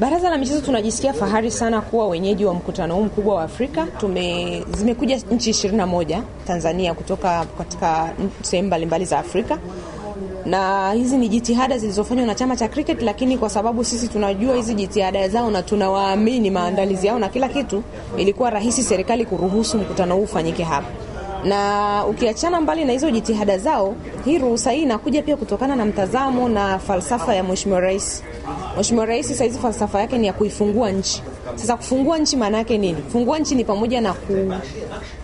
Baraza la Michezo tunajisikia fahari sana kuwa wenyeji wa mkutano huu mkubwa wa Afrika. Tume, zimekuja nchi 21 Tanzania kutoka katika sehemu mbalimbali za Afrika, na hizi ni jitihada zilizofanywa na chama cha cricket, lakini kwa sababu sisi tunajua hizi jitihada zao na tunawaamini maandalizi yao na kila kitu, ilikuwa rahisi serikali kuruhusu mkutano huu ufanyike hapa na ukiachana mbali na hizo jitihada zao, hii ruhusa hii inakuja pia kutokana na mtazamo na falsafa ya Mheshimiwa Rais. Mheshimiwa Rais saizi falsafa yake ni ya kuifungua nchi. Sasa kufungua nchi maana yake nini? Kufungua nchi ni pamoja na ku,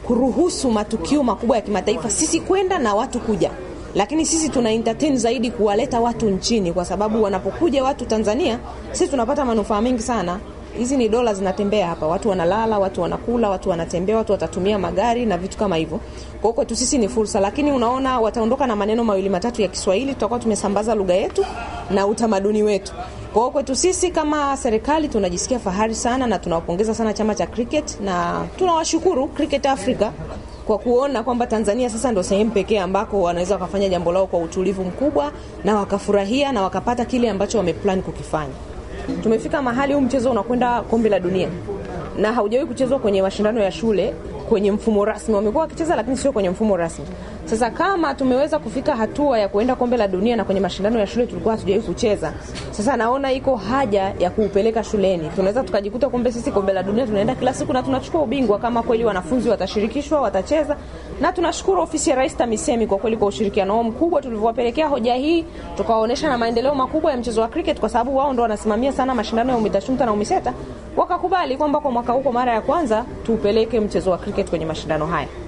kuruhusu matukio makubwa ya kimataifa sisi kwenda na watu kuja lakini sisi tuna entertain zaidi kuwaleta watu nchini, kwa sababu wanapokuja watu Tanzania, sisi tunapata manufaa mengi sana hizi ni dola zinatembea hapa, watu wanalala, watu wanakula, watu wanatembea, watu watatumia magari na vitu kama hivyo. Kwa hiyo kwetu sisi ni fursa, lakini unaona wataondoka na maneno mawili matatu ya Kiswahili, tutakuwa tumesambaza lugha yetu na utamaduni wetu. Kwa hiyo kwetu sisi kama serikali tunajisikia fahari sana na tunawapongeza sana chama cha cricket na tunawashukuru Cricket Africa kwa kuona kwamba Tanzania sasa ndio sehemu pekee ambako wanaweza wakafanya jambo lao kwa utulivu mkubwa na wakafurahia na wakapata kile ambacho wameplan kukifanya tumefika mahali huu mchezo unakwenda kombe la dunia na haujawahi kuchezwa kwenye mashindano ya shule kwenye mfumo rasmi, wamekuwa wakicheza lakini sio kwenye mfumo rasmi. Sasa kama tumeweza kufika hatua ya kuenda kombe la dunia na kwenye mashindano ya shule tulikuwa hatujawahi kucheza, sasa naona iko haja ya kuupeleka shuleni. Tunaweza tukajikuta kumbe sisi kombe la dunia tunaenda kila siku na tunachukua ubingwa kama kweli wanafunzi watashirikishwa, watacheza. Na tunashukuru ofisi ya Rais TAMISEMI kwa kweli kwa ushirikiano wao mkubwa, tulivyowapelekea hoja hii, tukawaonesha na maendeleo makubwa ya mchezo wa cricket, kwa sababu wao ndo wanasimamia sana mashindano ya UMITA na UMISETA, wakakubali kwamba kwa mwaka huu kwa mara ya kwanza tupeleke mchezo wa cricket kwenye mashindano haya.